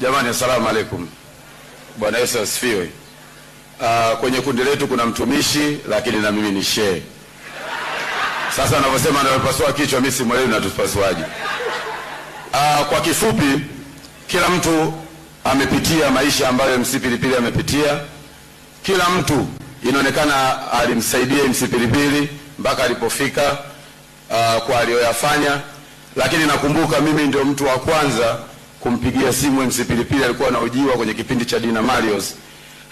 Jamani, assalamu alaikum. Bwana Yesu asifiwe. Uh, kwenye kundi letu kuna mtumishi lakini na mimi ni shehe. Sasa anavyosema anapasua kichwa, mimi si mwalimu natupasuaje? Uh, ah, kwa kifupi, kila mtu amepitia maisha ambayo MC Pilipili amepitia. Kila mtu inaonekana alimsaidia MC Pilipili mpaka alipofika, uh, kwa aliyoyafanya, lakini nakumbuka mimi ndio mtu wa kwanza kumpigia simu MC Pilipili, alikuwa anaojiwa kwenye kipindi cha Dina Marios.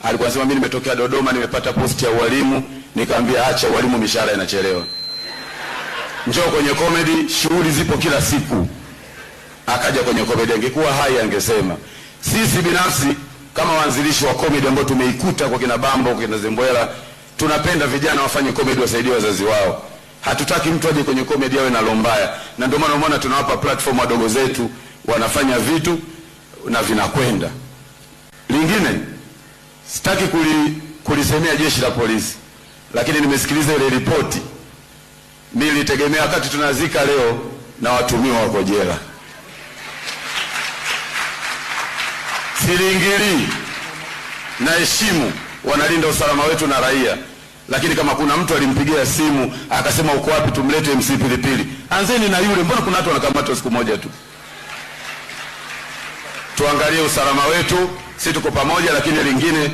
Alikuwa anasema mimi nimetokea Dodoma, nimepata posti ya ualimu, nikamwambia acha ualimu, mishahara inachelewa, njoo kwenye comedy, shughuli zipo kila siku. Akaja kwenye comedy, angekuwa hai angesema sisi binafsi kama waanzilishi wa comedy ambao tumeikuta kwa kina Bambo, kwa kina Zembwela, tunapenda vijana wafanye comedy, wasaidie wazazi wao. Hatutaki mtu aje kwenye comedy awe na lombaya, na ndio maana umeona tunawapa platform wadogo zetu wanafanya vitu na vinakwenda. Lingine sitaki kulisemea jeshi la polisi, lakini nimesikiliza ile ripoti. Mimi nilitegemea wakati tunazika leo na watumiwa wako jela. na naheshimu wanalinda usalama wetu na raia, lakini kama kuna mtu alimpigia simu akasema uko wapi tumlete MC Pilipili, anzeni na yule. Mbona kuna watu wanakamatwa siku moja tu? tuangalie usalama wetu, si tuko pamoja. Lakini lingine